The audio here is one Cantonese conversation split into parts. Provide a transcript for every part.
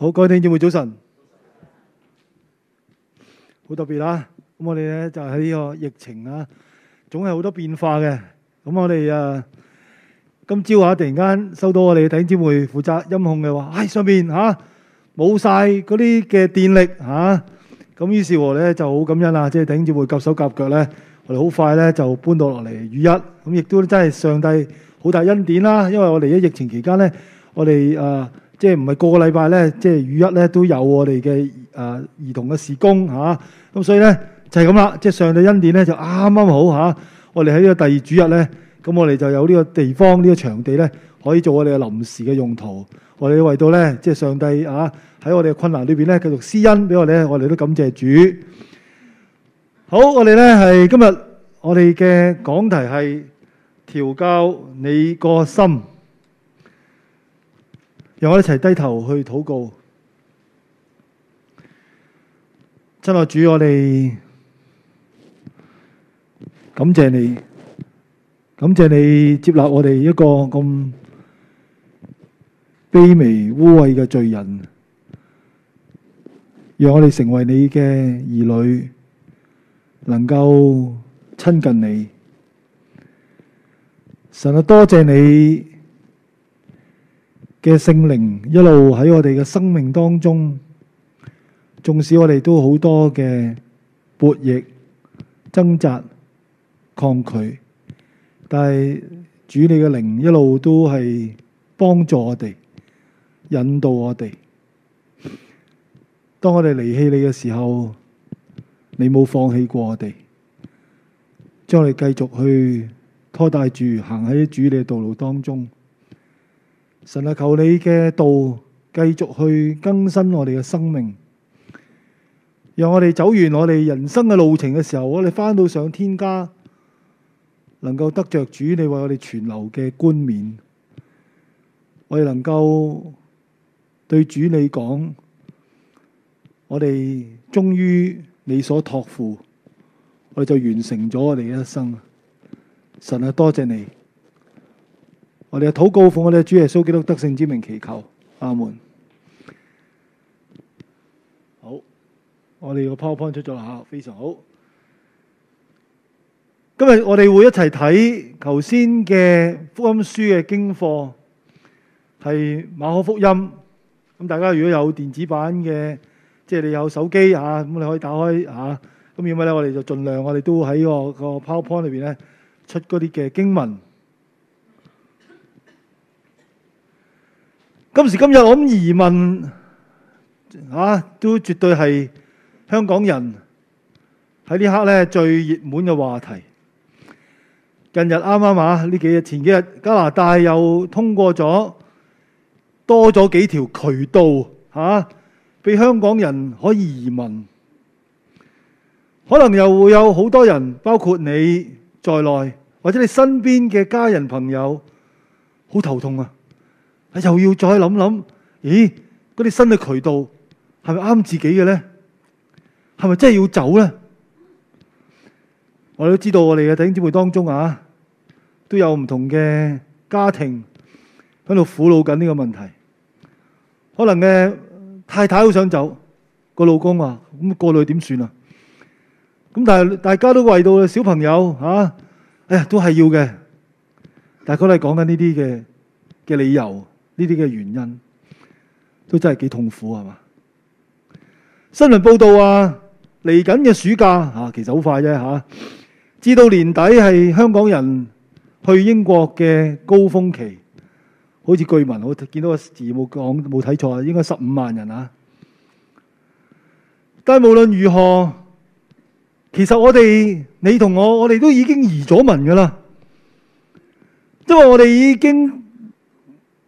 好，各位弟兄姊妹早晨，好特別啦、啊。咁我哋咧就喺、是、呢個疫情啊，總係好多變化嘅。咁我哋啊，今朝啊，突然間收到我哋弟兄姊妹負責音控嘅話，唉，上邊吓冇晒嗰啲嘅電力吓。咁、啊、於是咧就好感恩啦、啊，即係弟兄姊妹夾手夾腳咧，我哋好快咧就搬到落嚟預一。咁亦都真係上帝好大恩典啦、啊，因為我哋喺疫情期間咧，我哋誒、啊。即係唔係個個禮拜咧，即係雨一咧都有我哋嘅誒兒童嘅事工嚇，咁、啊、所以咧就係咁啦。即係上帝恩典咧就啱啱好嚇、啊，我哋喺呢個第二主日咧，咁我哋就有呢個地方呢、呢個場地咧，可以做我哋嘅臨時嘅用途，我哋為到咧即係上帝嚇喺、啊、我哋嘅困難裏邊咧繼續施恩俾我哋，我哋都感謝主。好，我哋咧係今日我哋嘅講題係調教你個心。讓我一齊低頭去禱告。親愛主，我哋感謝你，感謝你接納我哋一個咁卑微污穢嘅罪人，讓我哋成為你嘅兒女，能夠親近你。神啊，多謝你。嘅聖靈一路喺我哋嘅生命當中，縱使我哋都好多嘅悖逆、掙扎、抗拒，但係主你嘅靈一路都係幫助我哋、引導我哋。當我哋離棄你嘅時候，你冇放棄過我哋，將我哋繼續去拖帶住行喺主你道路當中。神啊，求你嘅道繼續去更新我哋嘅生命，讓我哋走完我哋人生嘅路程嘅時候，我哋翻到上天家，能夠得着主你為我哋存留嘅冠冕，我哋能夠對主你講，我哋終於你所託付，我哋就完成咗我哋嘅一生。神啊，多謝你。我哋就禱告，奉我哋主耶穌基督得勝之名祈求，阿門。好，我哋個 PowerPoint 出咗啦，非常好。今日我哋會一齊睇頭先嘅福音書嘅經課，係馬可福音。咁大家如果有電子版嘅，即係你有手機啊，咁你可以打開啊。咁要咩咧，我哋就盡量我哋都喺個個 PowerPoint 裏邊咧出嗰啲嘅經文。今時今日，我諗移民啊，都絕對係香港人喺呢刻咧最熱門嘅話題。近日啱啱啊，呢幾日前幾日，加拿大又通過咗多咗幾條渠道啊，俾香港人可以移民。可能又會有好多人，包括你在內，或者你身邊嘅家人朋友，好頭痛啊！又要再諗諗，咦？嗰啲新嘅渠道係咪啱自己嘅咧？係咪真係要走咧？我哋都知道我哋嘅弟兄姊妹當中啊，都有唔同嘅家庭喺度苦惱緊呢個問題。可能嘅太太好想走，個老公話：咁個女點算啊？咁但係大家都為到小朋友嚇，哎呀都係要嘅。但係佢哋講緊呢啲嘅嘅理由。呢啲嘅原因都真係幾痛苦係嘛！新聞報道啊，嚟緊嘅暑假啊，其實好快啫吓。至、啊、到年底係香港人去英國嘅高峰期，好似據聞我見到個字冇講冇睇錯啊，應該十五萬人啊。但係無論如何，其實我哋你同我，我哋都已經移咗民噶啦，因為我哋已經。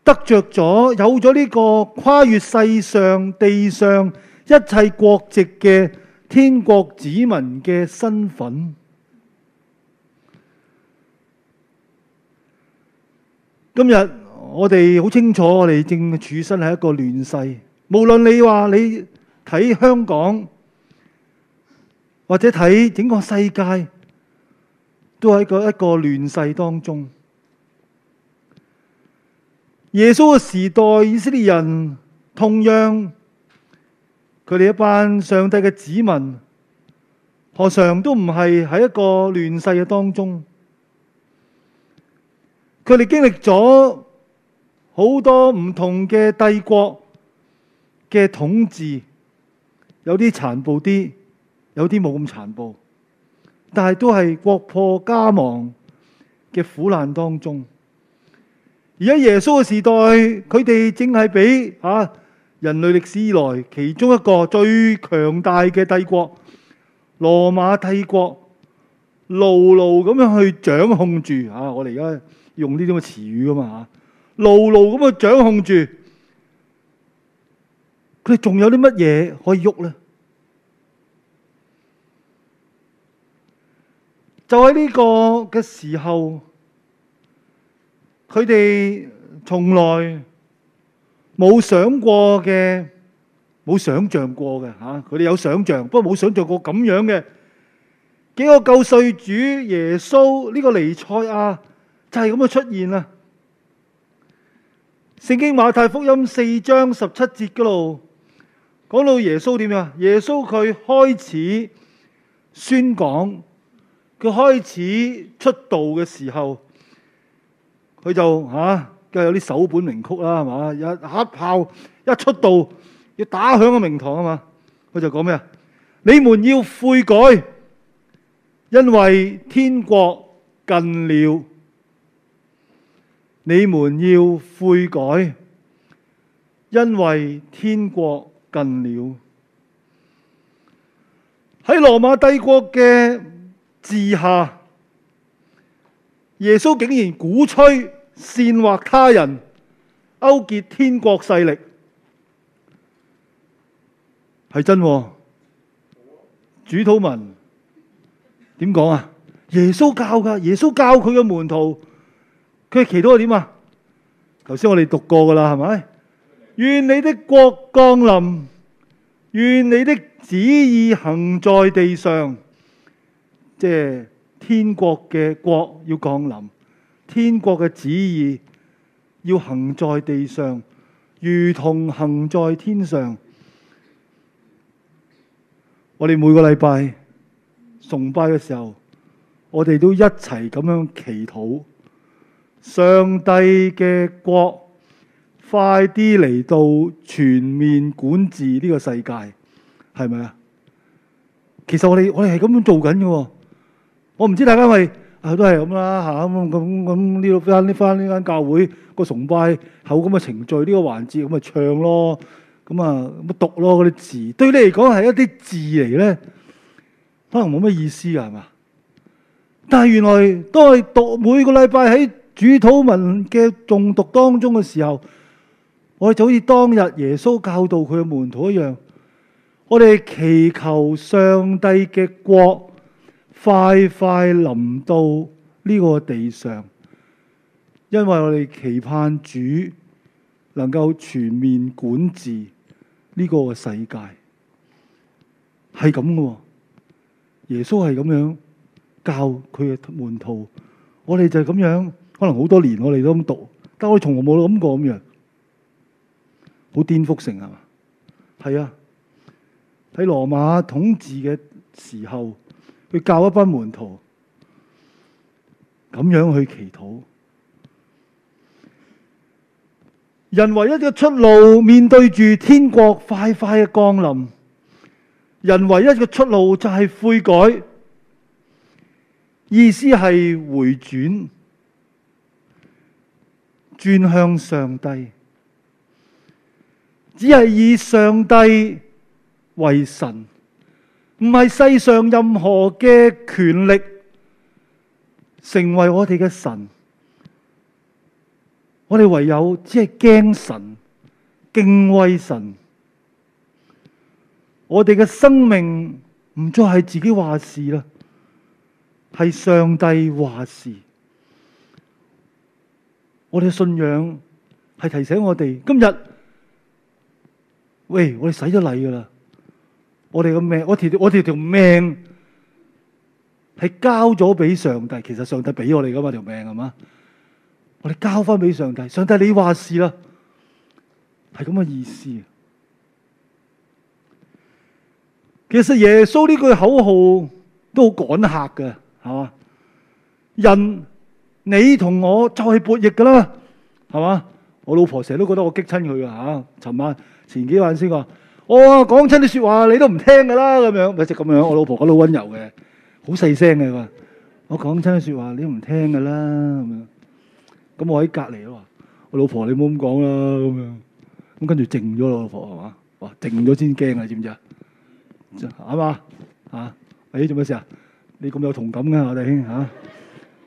得着咗，有咗呢個跨越世上地上一切國籍嘅天國子民嘅身份。今日我哋好清楚，我哋正處身喺一個亂世。無論你話你睇香港，或者睇整個世界，都喺一個亂世當中。耶穌嘅時代，以色列人同樣佢哋一班上帝嘅子民，何嘗都唔係喺一個亂世嘅當中？佢哋經歷咗好多唔同嘅帝國嘅統治，有啲殘暴啲，有啲冇咁殘暴，但係都係國破家亡嘅苦難當中。而家耶穌嘅時代，佢哋正係俾嚇人類歷史以來其中一個最強大嘅帝國——羅馬帝國，牢牢咁樣去掌控住。嚇，我哋而家用呢啲咁嘅詞語噶嘛嚇，牢牢咁去掌控住。佢哋仲有啲乜嘢可以喐咧？就喺呢個嘅時候。佢哋從來冇想過嘅，冇想像過嘅嚇。佢哋有想像，不過冇想像過咁樣嘅幾個救世主耶穌呢個尼賽亞，就係咁樣出現啦。聖經馬太福音四章十七節嗰度講到耶穌點啊？耶穌佢開始宣講，佢開始出道嘅時候。佢就嚇，梗係有啲首本名曲啦，係嘛？一黑炮一出道，要打響個名堂啊嘛！佢就講咩啊？你們要悔改，因為天國近了。你們要悔改，因為天國近了。喺羅馬帝國嘅治下。耶穌竟然鼓吹煽惑他人，勾結天國勢力，係真啊。主禱文點講啊？耶穌教噶，耶穌教佢嘅門徒，佢嘅祈禱係點啊？頭先我哋讀過噶啦，係咪？願你的國降臨，願你的旨意行在地上，即係。天國嘅國要降臨，天國嘅旨意要行在地上，如同行在天上。我哋每個禮拜崇拜嘅時候，我哋都一齊咁樣祈禱，上帝嘅國快啲嚟到全面管治呢個世界，係咪啊？其實我哋我哋係咁樣做緊嘅。我唔知大家咪都係咁啦，吓，咁咁呢度翻呢翻呢間教會個崇拜口咁嘅程序呢，這個環節咁咪唱咯，咁咪讀咯嗰啲字，對你嚟講係一啲字嚟咧，可能冇咩意思噶係嘛？但係原來當我讀每個禮拜喺主禱文嘅誦讀當中嘅時候，我哋就好似當日耶穌教導佢嘅門徒一樣，我哋祈求上帝嘅國。快快臨到呢個地上，因為我哋期盼主能夠全面管治呢個世界，係咁嘅。耶穌係咁樣教佢嘅門徒，我哋就係咁樣。可能好多年我哋都咁讀，但我哋從來冇諗過咁樣，好顛覆性係嘛？係啊，喺羅馬統治嘅時候。去教一班門徒，咁樣去祈禱。人唯一嘅出路，面對住天國快快嘅降臨，人唯一嘅出路就係悔改，意思係回轉，轉向上帝，只係以上帝為神。唔係世上任何嘅權力成為我哋嘅神，我哋唯有只係驚神、敬畏神。我哋嘅生命唔再係自己話事啦，係上帝話事。我哋嘅信仰係提醒我哋：今日，喂，我哋洗咗禮噶啦。我哋嘅命，我條我條條命係交咗俾上帝。其實上帝俾我哋噶嘛，條命係嘛？我哋交翻俾上帝。上帝你話事啦，係咁嘅意思。其實耶穌呢句口號都好趕客㗎，係嘛？人，你同我再博弈噶啦，係嘛？我老婆成日都覺得我激親佢㗎！吓，尋晚前幾晚先話。我講親啲説話，你都唔聽噶啦，咁樣咪就咁樣。我老婆嗰度温柔嘅，好細聲嘅。佢話：我講親啲説話，你都唔聽噶啦。咁樣咁我喺隔離喎，我老婆你唔好咁講啦。咁樣咁跟住靜咗啦、啊欸啊啊，老婆係嘛？哇，靜咗先驚啊！知唔知啊？係嘛啊？誒做咩事啊？你咁有同感㗎，我弟兄嚇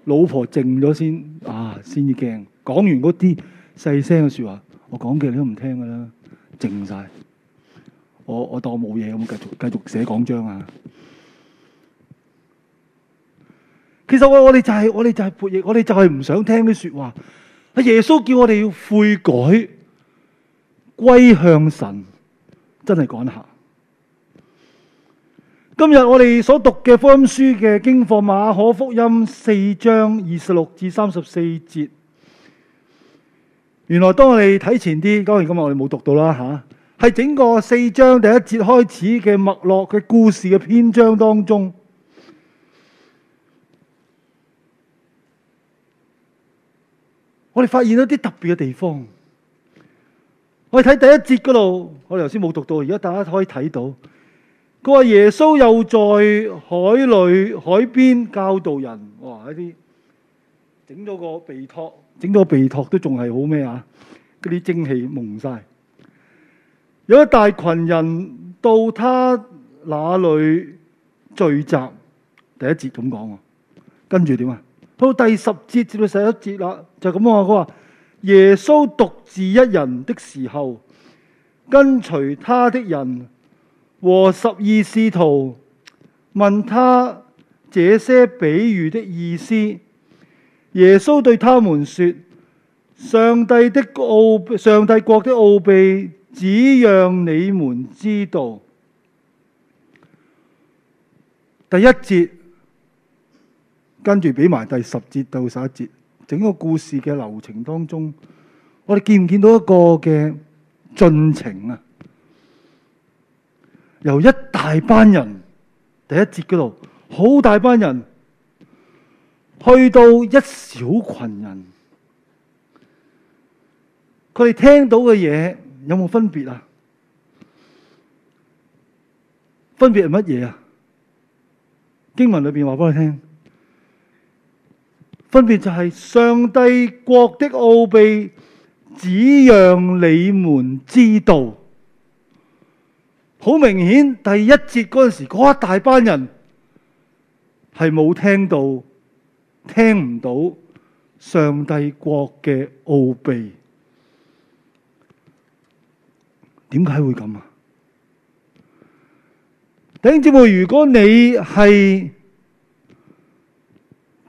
老婆靜咗先啊，先至驚。講完嗰啲細聲嘅説話，我講嘅你都唔聽噶啦，靜晒。我我當冇嘢咁，繼續繼續寫講章啊！其實我我哋就係我哋就係叛逆，我哋就係唔想聽啲說話。阿耶穌叫我哋要悔改、歸向神，真係趕客。今日我哋所讀嘅福音書嘅經課，馬可福音四章二十六至三十四節。原來當我哋睇前啲，當然今日我哋冇讀到啦吓。啊係整個四章第一節開始嘅脈絡嘅故事嘅篇章當中，我哋發現咗啲特別嘅地方。我哋睇第一節嗰度，我哋頭先冇讀到，而家大家可以睇到。佢話耶穌又在海裏、海邊教導人。哇！一啲整咗個鼻托，整咗個鼻托都仲係好咩啊？嗰啲蒸汽濛晒。有一大群人到他那裏聚集，第一節咁講啊，跟住點啊？到第十節至到十一節啦，就咁話啊。佢話耶穌獨自一人的時候，跟隨他的人和十二使徒問他這些比喻的意思。耶穌對他們說：上帝的奧，上帝國的奧秘。只讓你們知道，第一節跟住俾埋第十節到十一節，整個故事嘅流程當中，我哋見唔見到一個嘅進程啊？由一大班人，第一節嗰度好大班人，去到一小群人，佢哋聽到嘅嘢。有冇分別啊？分別係乜嘢啊？經文裏面話俾我聽，分別就係上帝國的奧秘，只讓你們知道。好明顯，第一節嗰陣時，嗰一大班人係冇聽到、聽唔到上帝國嘅奧秘。點解會咁啊？弟兄姊妹，如果你係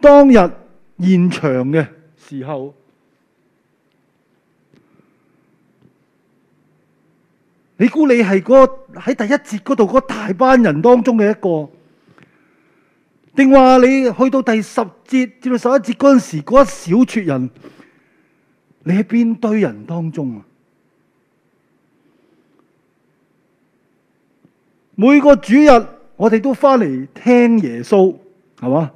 當日現場嘅時候， 你估你係嗰喺第一節嗰度嗰大班人當中嘅一個，定話你去到第十節至到十一節嗰陣時嗰一小撮人，你喺邊堆人當中啊？每個主日，我哋都翻嚟聽耶穌，係嘛？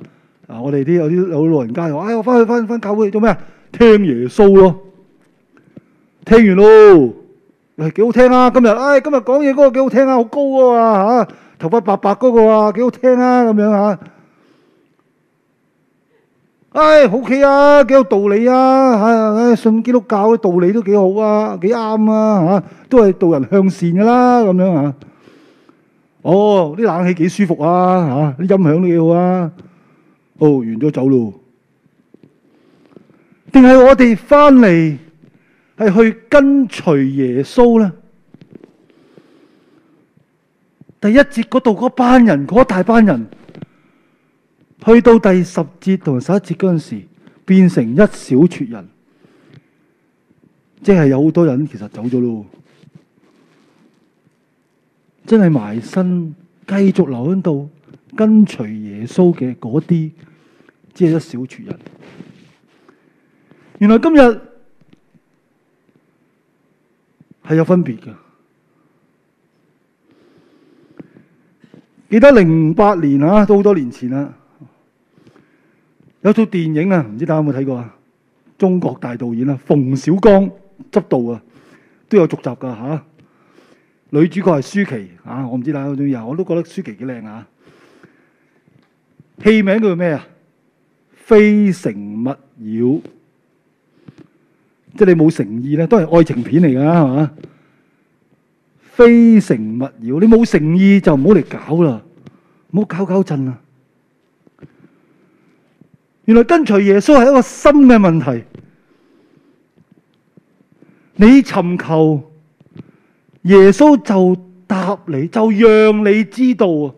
啊！我哋啲有啲老老人家話，哎，我翻去翻翻教會做咩啊？聽耶穌咯，聽完咯，係幾好聽啊！今日哎，今日講嘢嗰個幾好聽啊，好高啊嚇，頭髮白白嗰個啊，幾好聽啊咁樣嚇。哎，OK 啊，幾有道理啊！嚇，誒信基督教嘅道理都幾好啊，幾啱啊嚇，都係導人向善噶啦咁樣嚇。哦，啲冷氣幾舒服啊！吓，啲音響都幾好啊。哦，完咗走咯。定係我哋翻嚟係去跟隨耶穌咧？第一節嗰度嗰班人，嗰大班人，去到第十節同十一節嗰陣時，變成一小撮人，即係有好多人其實走咗咯。真係埋身繼續留喺度跟隨耶穌嘅嗰啲，只係一小撮人。原來今日係有分別㗎。記得零八年啊，都好多年前啦，有套電影啊，唔知大家有冇睇過啊？中國大導演啊，馮小剛執導啊，都有續集噶吓。女主角係舒淇啊！我唔知大家中意啊，我都覺得舒淇幾靚啊！戲名叫做咩啊？《非誠勿擾》，即係你冇誠意咧，都係愛情片嚟噶係嘛？《非誠勿擾》，你冇誠意就唔好嚟搞啦，唔好搞搞震啦！原來跟隨耶穌係一個心嘅問題，你尋求。耶穌就答你，就讓你知道啊！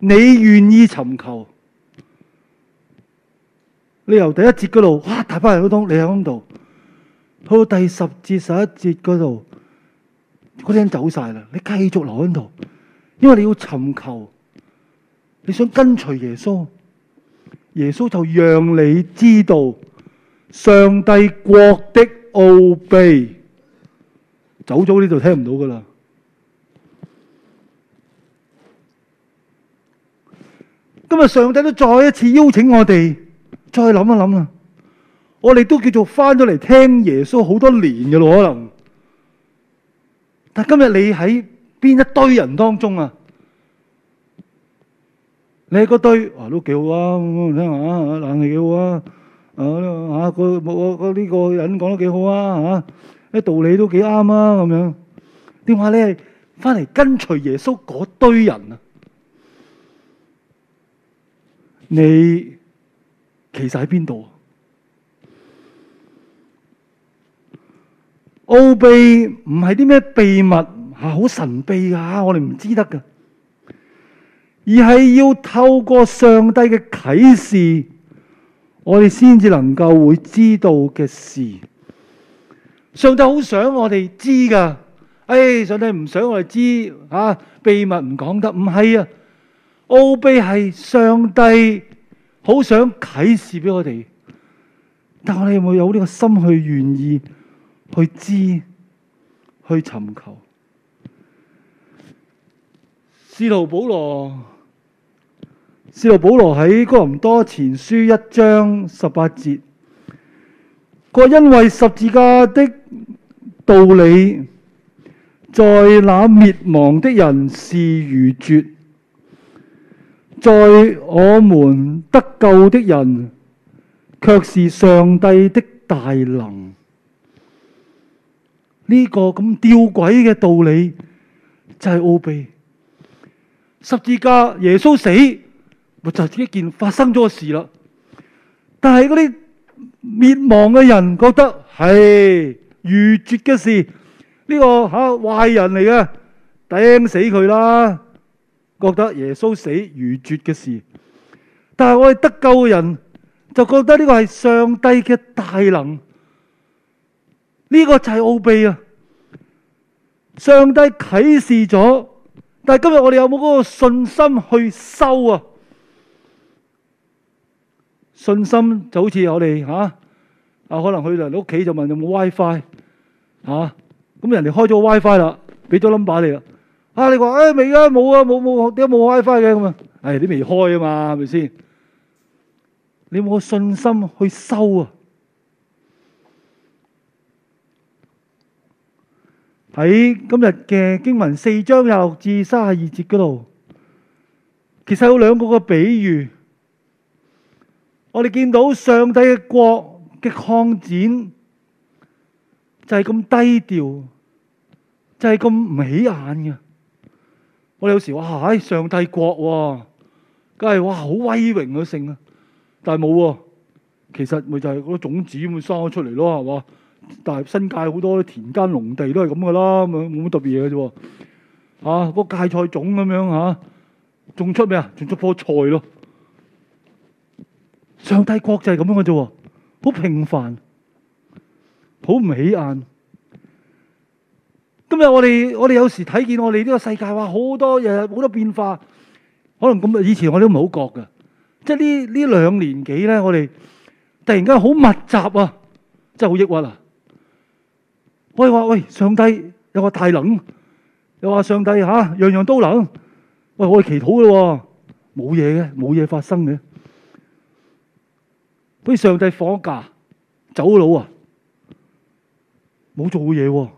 你願意尋求，你由第一節嗰度哇，大班人喺度，你喺度，去到第十節、十一節嗰度，嗰啲人走晒啦。你繼續留喺度，因為你要尋求，你想跟隨耶穌，耶穌就讓你知道上帝國的奧秘。走咗呢度聽唔到噶啦！今日上帝都再一次邀請我哋再諗一諗啦。我哋都叫做翻咗嚟聽耶穌好多年噶啦，可能。但今日你喺邊一堆人當中啊？你喺嗰堆，哦都幾好啊！聽下冷氣幾好啊！啊吓，個我我呢個人講得幾好啊！吓。啲道理都幾啱啊！咁樣，點解你係翻嚟跟隨耶穌嗰堆人啊？你其實喺邊度？奧秘唔係啲咩秘密吓，好神秘噶我哋唔知得噶而係要透過上帝嘅啟示，我哋先至能夠會知道嘅事。上帝好想我哋知㗎，哎，上帝唔想我哋知，吓、啊、秘密唔講得，唔係啊。奧秘係上帝好想啟示畀我哋，但係我哋有冇有呢個心去願意去知去尋求？使徒保羅，使徒保羅喺哥林多前書一章十八節。個因為十字架的道理，在那滅亡的人是愚拙，在我們得救的人卻是上帝的大能。呢、這個咁吊詭嘅道理就係奧秘。十字架耶穌死，就一件發生咗事啦。但係嗰啲。滅亡嘅人覺得係愚拙嘅事，呢個嚇壞人嚟嘅，掟死佢啦！覺得耶穌死愚拙嘅事，但係我哋得救嘅人就覺得呢個係上帝嘅大能，呢個就係奧秘啊！上帝啟示咗，但係今日我哋有冇嗰個信心去修啊？信心就好似我哋嚇，啊可能去到你屋企就問有冇 WiFi 嚇？咁人哋開咗 WiFi 啦，俾咗 number 你啦，啊你話誒，未啊冇啊，冇冇，點解冇 WiFi 嘅咁啊？誒你未開啊嘛係咪先？你冇信心去收啊！喺今日嘅經文四章廿六至卅二節嗰度，其實有兩個嘅比喻。我哋見到上帝嘅國嘅擴展就係咁低調，就係咁唔起眼嘅。我哋有時話：唉、哎，上帝國喎，梗係哇，好威榮嘅性啊！但係冇喎，其實咪就係嗰啲種子會生咗出嚟咯，係嘛？但係新界好多田間農地都係咁噶啦，咁樣冇乜特別嘢嘅啫。啊，嗰芥菜種咁樣吓，種出咩啊？種出棵菜咯。上帝國就係咁樣嘅啫喎，好平凡，好唔起眼。今日我哋我哋有時睇見我哋呢個世界，哇好多嘢好多變化，可能咁啊以前我哋都唔係好覺嘅，即係呢呢兩年幾咧，我哋突然間好密集啊，真係好抑鬱啊！我哋話喂，上帝，又話大能，又話上帝嚇樣樣都能。喂，我哋祈禱嘅喎，冇嘢嘅，冇嘢發生嘅。俾上帝放假，走佬啊！冇做嘢。啊、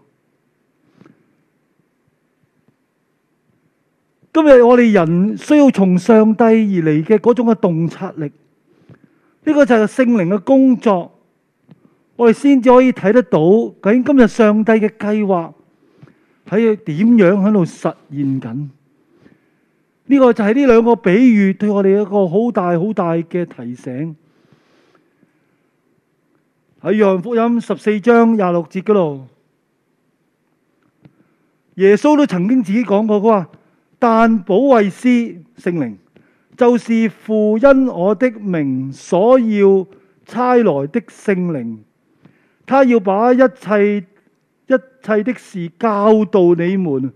今日我哋人需要從上帝而嚟嘅嗰種嘅洞察力，呢個就係聖靈嘅工作，我哋先至可以睇得到究竟今日上帝嘅計劃，喺佢點樣喺度實現緊。呢個就係呢兩個比喻對我哋一個好大好大嘅提醒。喺《約翰福音》十四章廿六節嗰度，耶穌都曾經自己講過，佢話：但保惠師聖靈，就是父因我的名所要差來的聖靈，他要把一切一切的事教導你們，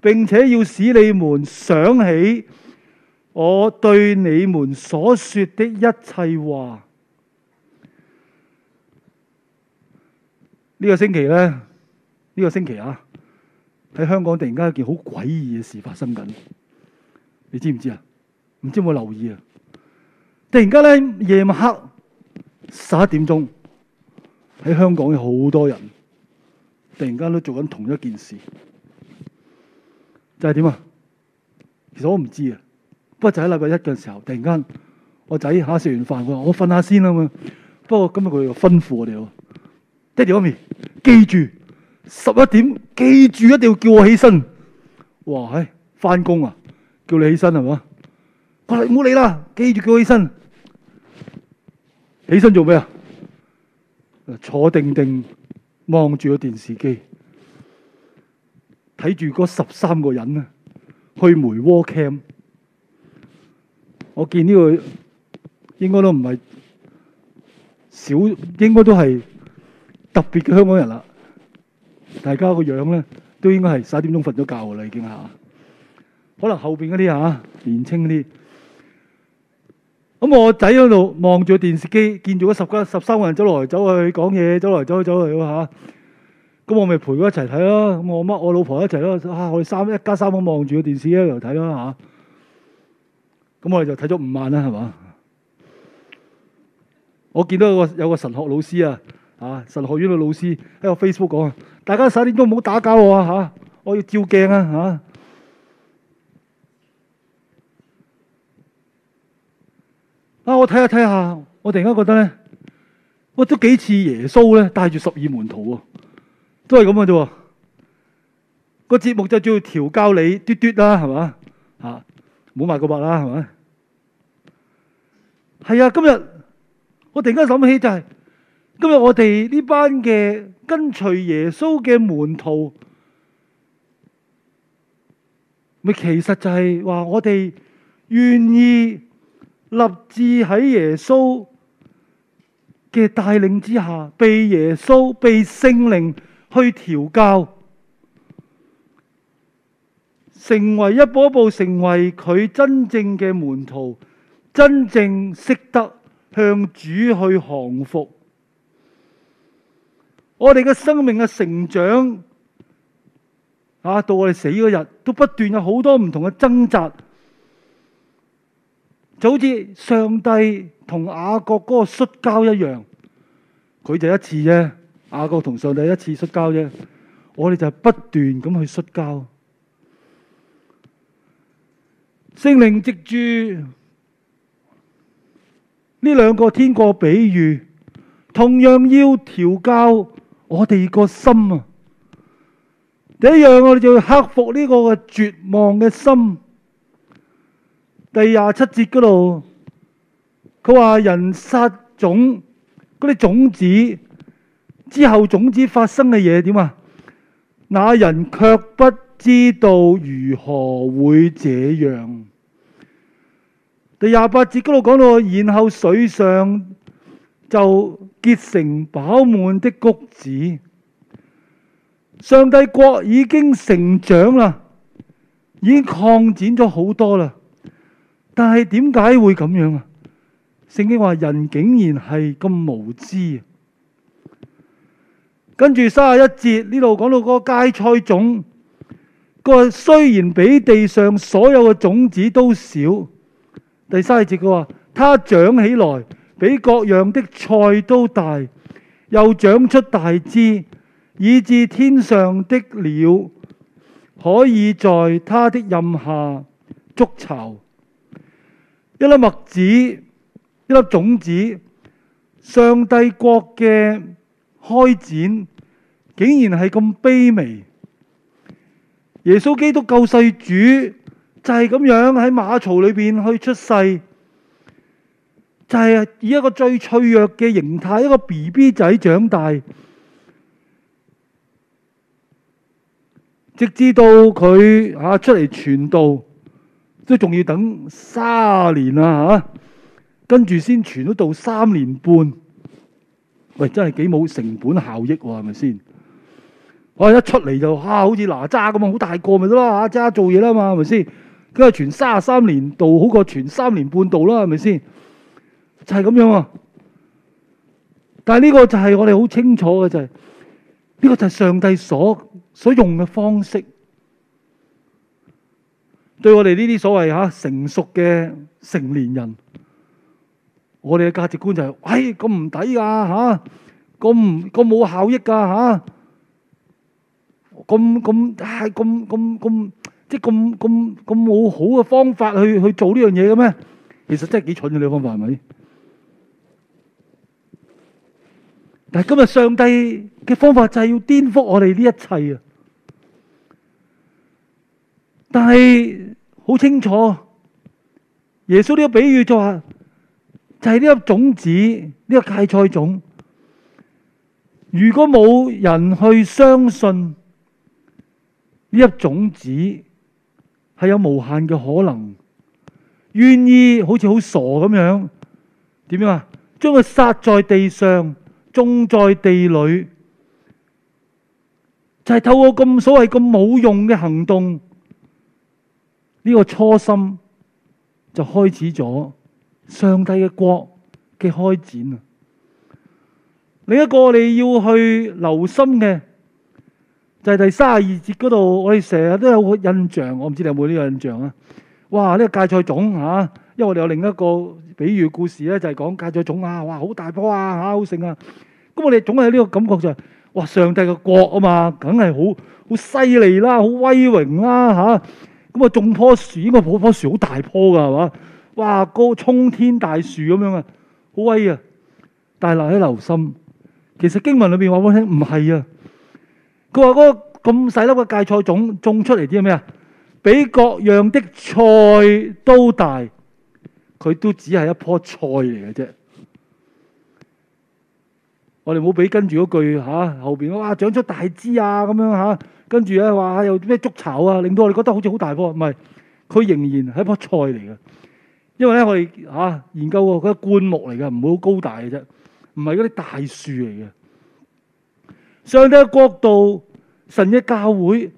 並且要使你們想起我對你們所說的一切話。呢個星期咧，呢個星期啊，喺香港突然間一件好詭異嘅事發生緊，你知唔知啊？唔知有冇留意啊？突然間咧，夜晚黑，十一點鐘，喺香港有好多人，突然間都做緊同一件事，就係點啊？其實我唔知啊，不過就喺禮拜一嘅時候，突然間我仔吓食完飯，佢話我瞓下先啊嘛，不過今日佢又吩咐我哋。爹哋、媽咪，記住十一點，記住一定要叫我起身。哇！喺翻工啊，叫你起身係嘛？唔好理啦，記住叫我起身。起身做咩啊？坐定定，望住個電視機，睇住嗰十三個人呀，去梅窩 cam。我見呢個應該都唔係少，應該都係。特別嘅香港人啦，大家個樣咧都應該係十一點鐘瞓咗覺㗎啦，已經嚇。可、啊、能後邊嗰啲嚇年青啲，咁、嗯、我仔嗰度望住電視機，見住十個十三個人走來走去講嘢，走來走去走嚟喎嚇。咁、啊嗯、我咪陪佢一齊睇咯，咁、啊、我媽我老婆一齊咯，嚇、啊、我哋三一家三口望住個電視機喺度睇啦嚇。咁、啊嗯、我哋就睇咗五萬啦係嘛？我見到有個有個神學老師啊。啊！神學院嘅老師喺個 Facebook 講大家十一點鐘唔好打攪我啊！嚇、啊，我要照鏡啊！嚇、啊，啊，我睇下睇下，我突然間覺得咧，我都幾似耶穌咧，帶住十二門徒啊，都係咁嘅啫喎。個節目就叫調教你嘟嘟啦、啊，係嘛？嚇、啊，唔好賣個白啦，係咪？係啊，今日我突然間諗起就係、是。今日我哋呢班嘅跟隨耶穌嘅門徒，咪其實就係話我哋願意立志喺耶穌嘅帶領之下，被耶穌被聖靈去調教，成為一步一步成為佢真正嘅門徒，真正識得向主去降服。我哋嘅生命嘅成長，啊，到我哋死嗰日，都不斷有好多唔同嘅掙扎，就好似上帝同雅各嗰個摔跤一樣，佢就一次啫，雅各同上帝一次摔跤啫，我哋就不斷咁去摔跤。聖靈藉住呢兩個天國比喻，同樣要調教。我哋個心啊，第一樣我哋就要克服呢個嘅絕望嘅心。第廿七節嗰度，佢話人撒種，嗰啲種子之後，種子發生嘅嘢點啊？那人卻不知道如何會這樣。第廿八節嗰度講到，然後水上。就結成飽滿的谷子，上帝國已經成長啦，已經擴展咗好多啦。但係點解會咁樣啊？聖經話人竟然係咁無知啊。跟住三十一節呢度講到嗰個芥菜種，個雖然比地上所有嘅種子都少，第三十節佢話它長起來。比各樣的菜都大，又長出大枝，以至天上的鳥可以在他的蔭下築巢。一粒麥子，一粒種子，上帝國嘅開展竟然係咁卑微。耶穌基督救世主就係咁樣喺馬槽裏邊去出世。就係以一個最脆弱嘅形態，一個 B B 仔長大，直至到佢嚇出嚟傳道，都仲要等卅年啊！嚇，跟住先傳咗到三年半，喂，真係幾冇成本效益喎、啊？係咪先？我、啊、一出嚟就嚇，好似哪吒咁樣啊，好大個咪得咯嚇，即做嘢啦嘛，係咪先？咁啊，傳卅三年度好過傳三年半度啦，係咪先？就係咁樣啊！但係呢個就係我哋好清楚嘅，就係呢個就係上帝所所用嘅方式，對我哋呢啲所謂吓成熟嘅成年人，我哋嘅價值觀就係，唉，咁唔抵噶吓，咁咁冇效益噶吓，咁咁係咁咁咁即係咁咁咁冇好嘅方法去去做呢樣嘢嘅咩？其實真係幾蠢嘅呢個方法，係咪？但係今日上帝嘅方法就係要顛覆我哋呢一切啊！但係好清楚，耶穌呢個比喻就話就係呢粒種子呢、呢個芥菜種，如果冇人去相信呢粒、呢個、種子係有無限嘅可能，願意好似好傻咁樣點樣啊？將佢撒在地上。種在地裏，就係透過咁所謂咁冇用嘅行動，呢個初心就開始咗上帝嘅國嘅開展啊！另一個你要去留心嘅，就係第三十二節嗰度，我哋成日都有個印象，我唔知你有冇呢個印象啊？哇！呢個芥菜種啊，因為我哋有另一個比喻故事咧，就係講芥菜種啊，哇，好大波啊，好盛啊！咁我哋總係呢個感覺就係，哇！上帝嘅國啊嘛，梗係好好犀利啦，好威榮啦，吓、啊！咁啊種棵樹，應該棵棵樹好大棵噶係嘛？哇！高沖天大樹咁樣啊，好威啊！但係留喺留心，其實經文裏邊話俾我聽唔係啊。佢話嗰個咁細粒嘅芥菜種種出嚟啲係咩啊？比各樣的菜都大，佢都只係一棵菜嚟嘅啫。我哋冇俾跟住嗰句嚇、啊，後邊哇長出大枝啊咁樣嚇、啊，跟住啊話又咩築巢啊，令到我哋覺得好似好大棵，唔係佢仍然係一棵菜嚟嘅。因為咧，我哋嚇、啊、研究過，佢係灌木嚟嘅，唔會好高大嘅啫，唔係嗰啲大樹嚟嘅。上帝嘅國度、神嘅教會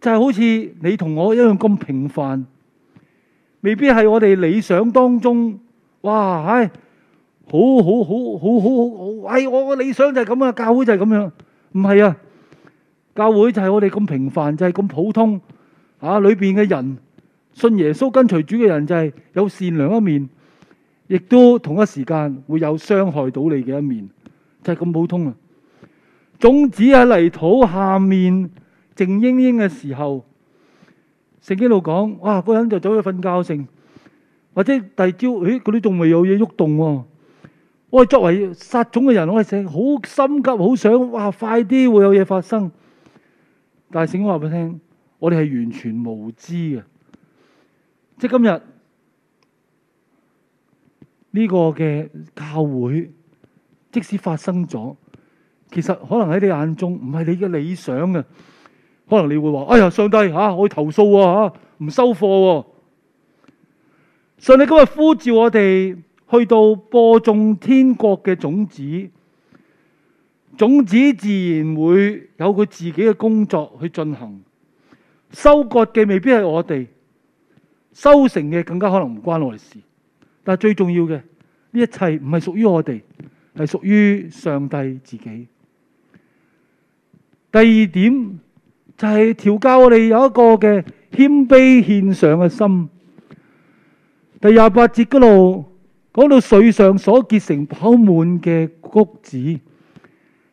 就係、是、好似你同我一樣咁平凡，未必係我哋理想當中哇唉。好好好好好好好，哎！我個理想就係咁啊，教會就係咁樣，唔係啊，教會就係我哋咁平凡，就係咁普通。啊，裏邊嘅人信耶穌跟隨主嘅人就係有善良一面，亦都同一時間會有傷害到你嘅一面，就係咁普通啊。種子喺泥土下面靜英英嘅時候，聖經度講，哇，嗰人就走去瞓覺醒，或者第二朝，誒，嗰啲仲未有嘢喐動喎。我哋作為撒種嘅人，我哋成日好心急，好想哇快啲會有嘢發生。但係神話俾你聽，我哋係完全無知嘅。即係今日呢、這個嘅教會，即使發生咗，其實可能喺你眼中唔係你嘅理想嘅，可能你會話：哎呀，上帝嚇、啊，我投訴啊唔、啊、收貨喎、啊！上帝，你今日呼召我哋去到播種天國嘅種子，種子自然會有佢自己嘅工作去進行。收割嘅未必係我哋，收成嘅更加可能唔關我哋事。但係最重要嘅呢，一切唔係屬於我哋，係屬於上帝自己。第二點就係調教我哋有一個嘅謙卑獻上嘅心。第廿八節嗰度。講到樹上所結成飽滿嘅谷子，呢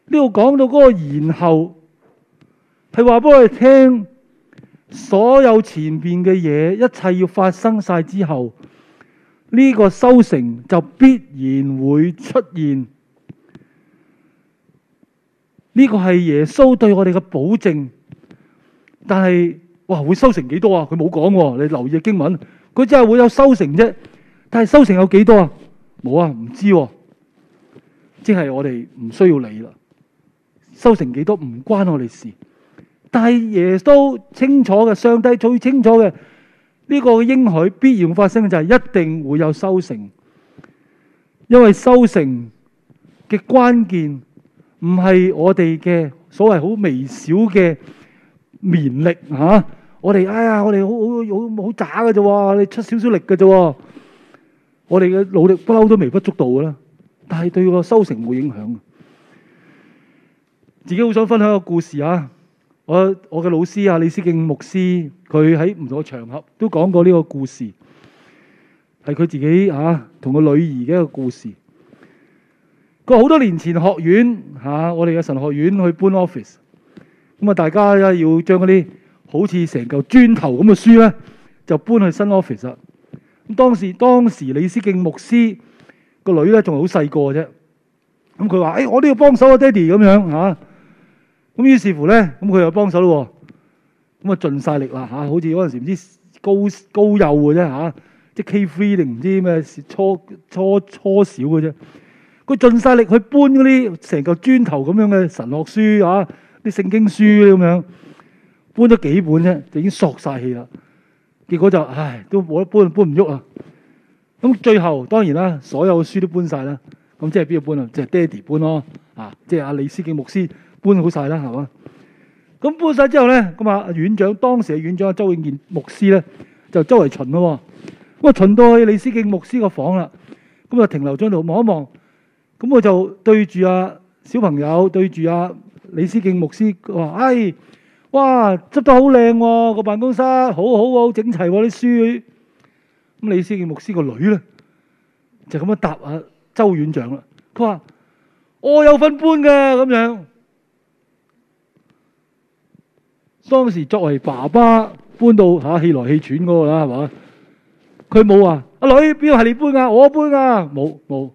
度講到嗰個然後，係話俾我哋聽，所有前邊嘅嘢，一切要發生晒之後，呢個收成就必然會出現。呢個係耶穌對我哋嘅保證，但係，哇，會收成幾多啊？佢冇講，你留意經文，佢真係會有收成啫。但係收成有幾多啊？冇啊，唔知，即係我哋唔需要理啦。收成幾多唔關我哋事，但係耶穌清楚嘅，上帝最清楚嘅，呢個應許必然發生嘅，就係一定會有收成，因為收成嘅關鍵唔係我哋嘅所謂好微小嘅綿力吓、啊，我哋哎呀，我哋好好好好渣㗎啫，你出少少力㗎啫。我哋嘅努力不嬲都微不足道㗎喇，但係對個收成冇影響。自己好想分享一個故事啊！我我嘅老師啊，李思敬牧師，佢喺唔同嘅場合都講過呢個故事，係佢自己啊同個女兒嘅一個故事。佢好多年前學院嚇，啊，我哋嘅神學院去搬 office，咁啊大家要將嗰啲好似成嚿磚頭咁嘅書咧，就搬去新 office 啦。咁當時當時李思敬牧師個女咧仲係好細個嘅啫，咁佢話，誒，我都要幫手啊，爹哋咁樣嚇。咁於是乎咧，咁佢又幫手咯喎，咁啊盡晒力啦嚇，好似嗰陣時唔知高高幼嘅啫嚇，即係 K3 定唔知咩初初初小嘅啫。佢盡晒力去搬嗰啲成嚿磚頭咁樣嘅神學書啊，啲聖經書咁樣搬咗幾本啫，就已經索晒氣啦。結果就唉，都冇得搬，搬唔喐啊！咁最後當然啦，所有書都搬晒啦。咁即係邊個搬啊？即係爹哋搬咯，啊！即係阿李思敬牧師搬好晒啦，係嘛？咁搬晒之後咧，咁啊，院長當時嘅院長阿周永健牧師咧，就周圍巡咯。咁巡到去李思敬牧師個房啦，咁就停留喺度望一望。咁我就對住阿小朋友，對住阿李思敬牧師，佢話，唉。哇，執得好靚喎個辦公室，好好喎，好整齊喎、哦、啲書。咁李先健牧師個女咧，就咁樣答啊周院長啦。佢話：我有份搬嘅咁樣。當時作為爸爸搬到嚇、啊、氣來氣喘嗰個啦係嘛？佢冇啊！阿女邊個係你搬啊？我搬啊！冇冇。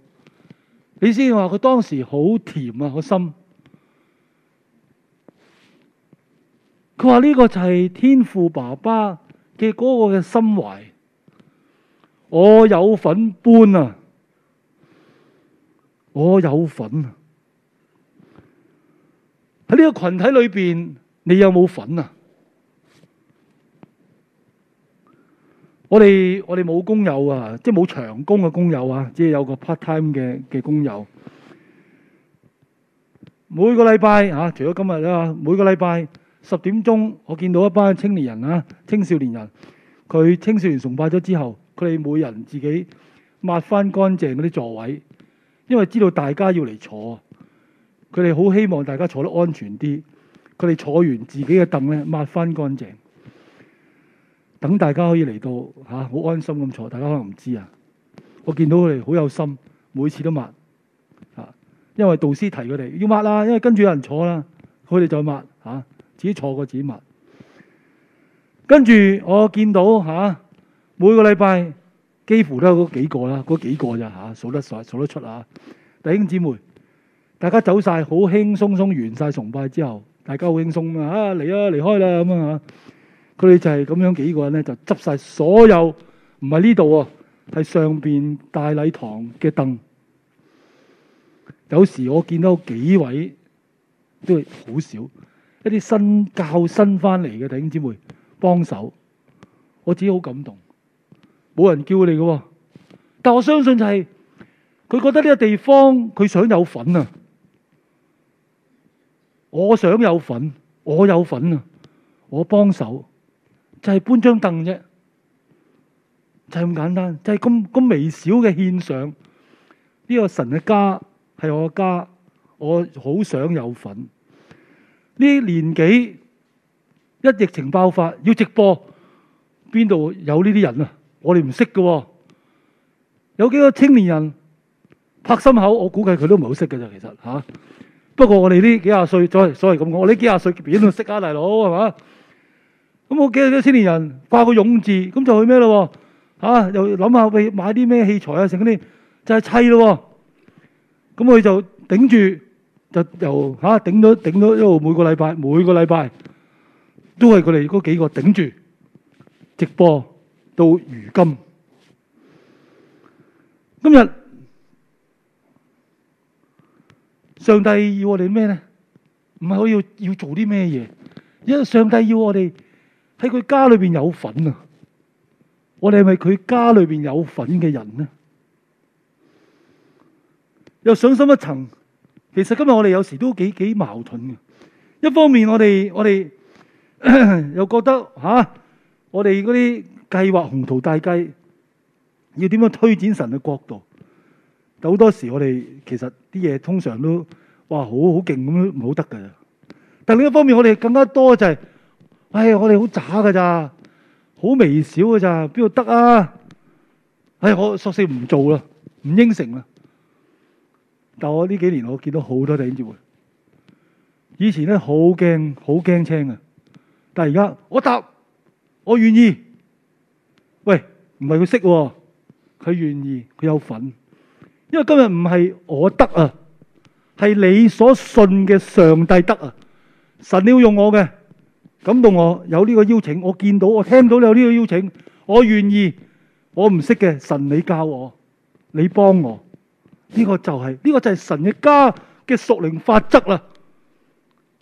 李先健話：佢當時好甜啊個心。佢話呢個就係天父爸爸嘅嗰個嘅心懷，我有份搬啊，我有份啊，喺呢個群體裏邊，你有冇份啊？我哋我哋冇工友啊，即係冇長工嘅工友啊，即係有個 part time 嘅嘅工友，每個禮拜啊，除咗今日啦，每個禮拜。十點鐘，我見到一班青年人啊，青少年人。佢青少年崇拜咗之後，佢哋每人自己抹翻乾淨嗰啲座位，因為知道大家要嚟坐，佢哋好希望大家坐得安全啲。佢哋坐完自己嘅凳咧，抹翻乾淨，等大家可以嚟到嚇好、啊、安心咁坐。大家可能唔知啊，我見到佢哋好有心，每次都抹啊，因為導師提佢哋要抹啦，因為跟住有人坐啦，佢哋就抹嚇。啊自己錯過自己物，跟住我見到吓，每個禮拜幾乎都有嗰幾個啦，嗰幾個咋吓，數得數數得出啊。弟兄姊妹，大家走晒好輕鬆鬆，完晒崇拜之後，大家好輕鬆啊！嚟啊，離開啦咁樣啊！佢哋就係咁樣幾個人咧，就執晒所有唔係呢度啊，喺上邊大禮堂嘅凳。有時我見到幾位都係好少。一啲新教新翻嚟嘅弟兄姊妹幫手，我自己好感動。冇人叫你嘅，但我相信就係佢覺得呢個地方佢想有份啊，我想有份，我有份啊，我幫手就係搬張凳啫，就係咁簡單，就係咁咁微小嘅獻上，呢個神嘅家係我嘅家，我好想有份。呢年紀一疫情爆發要直播，邊度有呢啲人啊？我哋唔識嘅喎、哦，有幾個青年人拍心口，我估計佢都唔係好識嘅咋，其實嚇、啊。不過我哋呢幾廿歲，再所謂咁講，我呢幾廿歲邊度識啊？大佬係嘛？咁我見到啲青年人掛個勇字，咁就去咩咯？嚇、啊，又諗下要買啲咩器材啊，成嗰啲就係、是、砌咯。咁、啊、佢就頂住。就又嚇頂到頂到，因為每個禮拜每個禮拜都係佢哋嗰幾個頂住直播到如今。今日上帝要我哋咩咧？唔係我要要做啲咩嘢？因為上帝要我哋喺佢家裏邊有份啊！我哋係咪佢家裏邊有份嘅人咧？又上深一層。其實今日我哋有時都幾幾矛盾嘅。一方面我哋我哋又覺得嚇、啊，我哋嗰啲計劃、宏圖大計，要點樣推展神嘅國度？但好多時我哋其實啲嘢通常都哇，好好勁咁樣唔好得㗎。但另一方面我哋更加多就係、是，唉我哋好渣㗎咋，好微小㗎咋，邊度得啊？唉我索性唔做啦，唔應承啦。但我呢幾年我見到好多弟兄姊妹，以前咧好驚好驚青呀，但係而家我答，我願意。喂，唔係佢識喎，佢願意佢有份，因為今日唔係我得啊，係你所信嘅上帝得啊。神你要用我嘅，感動我有呢個邀請，我見到我聽到你有呢個邀請，我願意。我唔識嘅，神你教我，你幫我。呢個就係呢個就係神嘅家嘅屬靈法則啦，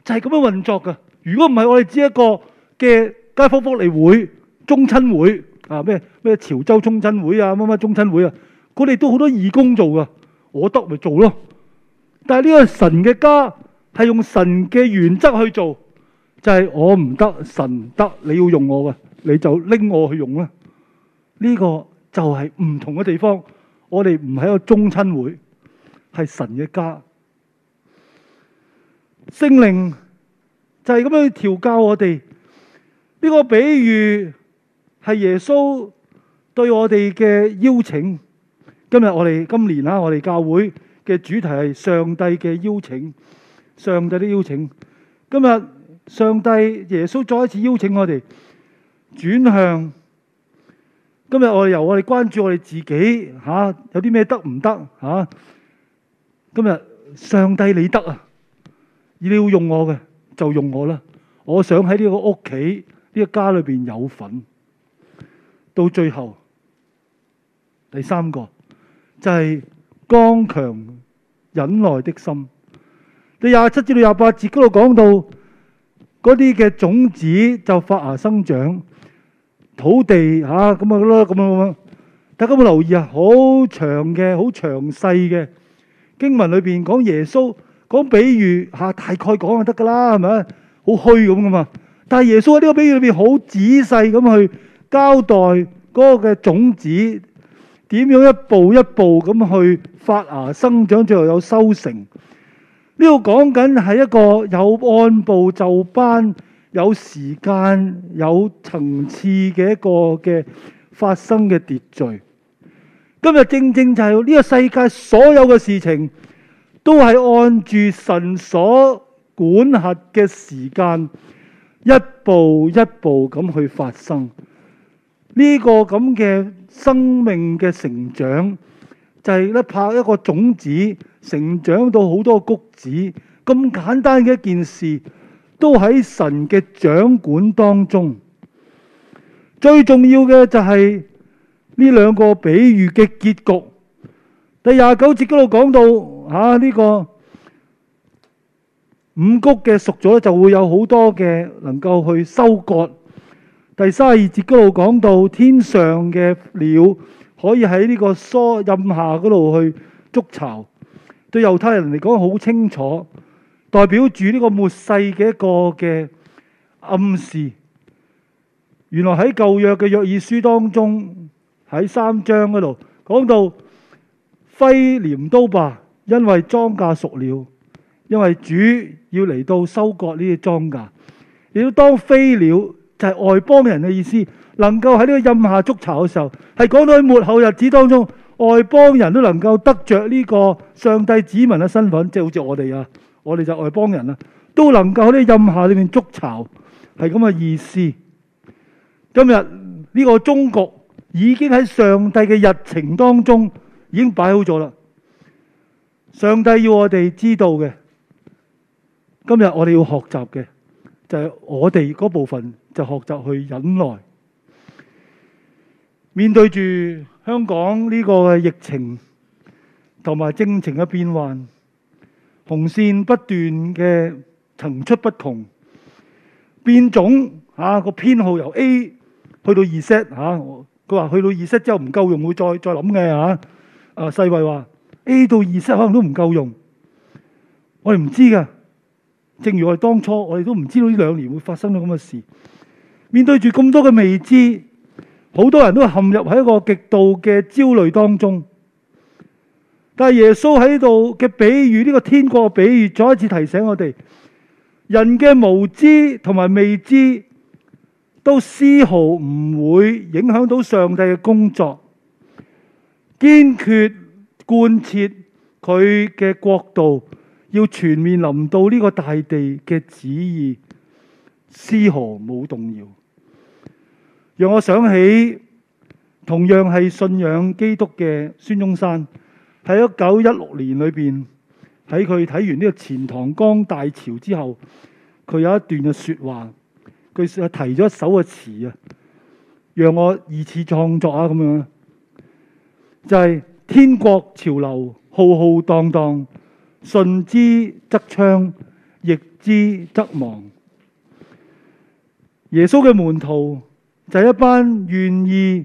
就係咁樣運作噶。如果唔係，我哋只一個嘅街坊福利會、宗親會啊，咩咩潮州宗親會啊，乜乜宗親會啊，佢哋都好多義工做噶，我得咪做咯。但係呢個神嘅家係用神嘅原則去做，就係、是、我唔得，神得，你要用我嘅，你就拎我去用啦。呢個就係唔同嘅地方。我哋唔係一個宗親會，係神嘅家。聖靈就係咁樣調教我哋。呢個比喻係耶穌對我哋嘅邀請。今日我哋今年啊，我哋教會嘅主題係上帝嘅邀請。上帝的邀請。今日上帝耶穌再一次邀請我哋轉向。今日我哋由我哋關注我哋自己，吓，有啲咩得唔得？吓，今日上帝你得啊，你要用我嘅就用我啦。我想喺呢個屋企呢個家裏邊有份。到最後第三個就係剛強忍耐的心。第廿七至到廿八節嗰度講到嗰啲嘅種子就發芽生長。好地嚇咁啊，咁咯，咁啊，咁啊！大家有冇留意啊？好長嘅、好詳細嘅經文裏邊，講耶穌講比喻嚇，大概講就得噶啦，係咪啊？好虛咁噶嘛。但係耶穌喺呢個比喻裏邊好仔細咁去交代嗰個嘅種子點樣一步一步咁去發芽生長，最後有收成。呢度講緊係一個有按部就班。有時間、有層次嘅一個嘅發生嘅秩序。今日正正就係呢個世界所有嘅事情，都係按住神所管轄嘅時間，一步一步咁去發生。呢個咁嘅生命嘅成長，就係咧拍一個種子成長到好多穀子咁簡單嘅一件事。都喺神嘅掌管當中，最重要嘅就係呢兩個比喻嘅結局。第廿九節嗰度講到，吓、啊、呢、這個五穀嘅熟咗就會有好多嘅能夠去收割。第三十二節嗰度講到，天上嘅鳥可以喺呢個疏蔭下嗰度去築巢。對猶太人嚟講，好清楚。代表住呢個末世嘅一個嘅暗示，原來喺舊約嘅約珥書當中喺三章嗰度講到揮鐮刀吧，因為莊稼熟了，因為主要嚟到收割呢啲莊稼，要當飛鳥就係、是、外邦人嘅意思，能夠喺呢個蔭下捉巢嘅時候，係講到喺末後日子當中，外邦人都能夠得着呢個上帝子民嘅身份，即係好似我哋啊。我哋就外邦人啦，都能夠喺蔭下裏面捉巢，係咁嘅意思。今日呢個中國已經喺上帝嘅日程當中已經擺好咗啦。上帝要我哋知道嘅，今日我哋要學習嘅就係我哋嗰部分就學習去忍耐，面對住香港呢個嘅疫情同埋政情嘅變幻。紅線不斷嘅層出不窮，變種嚇、啊、個編號由 A 到 Z、啊、去到二 set 嚇，佢話去到二 set 之後唔夠用會再再諗嘅嚇。啊，世衞話 A 到二 set 可能都唔夠用，我哋唔知㗎。正如我哋當初，我哋都唔知道呢兩年會發生咗咁嘅事。面對住咁多嘅未知，好多人都陷入喺一個極度嘅焦慮當中。但耶穌喺度嘅比喻，呢個天國嘅比喻，再一次提醒我哋，人嘅無知同埋未知，都絲毫唔會影響到上帝嘅工作，堅決貫徹佢嘅國度，要全面臨到呢個大地嘅旨意，絲毫冇動搖。讓我想起同樣係信仰基督嘅孫中山。喺一九一六年裏邊，喺佢睇完呢個錢塘江大潮之後，佢有一段嘅説話，佢提咗一首嘅詞啊，讓我二次創作啊咁樣，就係。就係天國潮流浩浩蕩蕩，順之則昌，逆之則亡。耶穌嘅門徒就係一班願意，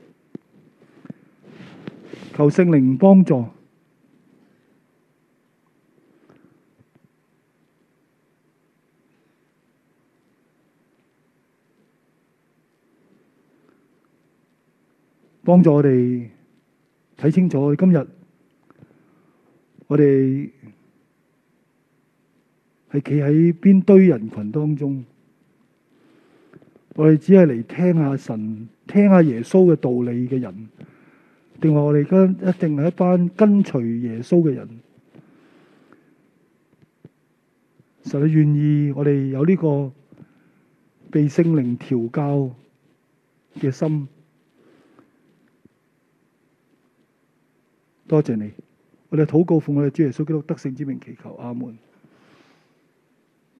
求聖靈幫助，幫助我哋睇清楚今日我哋係企喺邊堆人群當中，我哋只係嚟聽下神、聽下耶穌嘅道理嘅人。定話我哋而家一定係一班跟隨耶穌嘅人，神，你願意我哋有呢個被聖靈調教嘅心，多謝你，我哋禱告奉我哋主耶穌基督得勝之名祈求，阿門。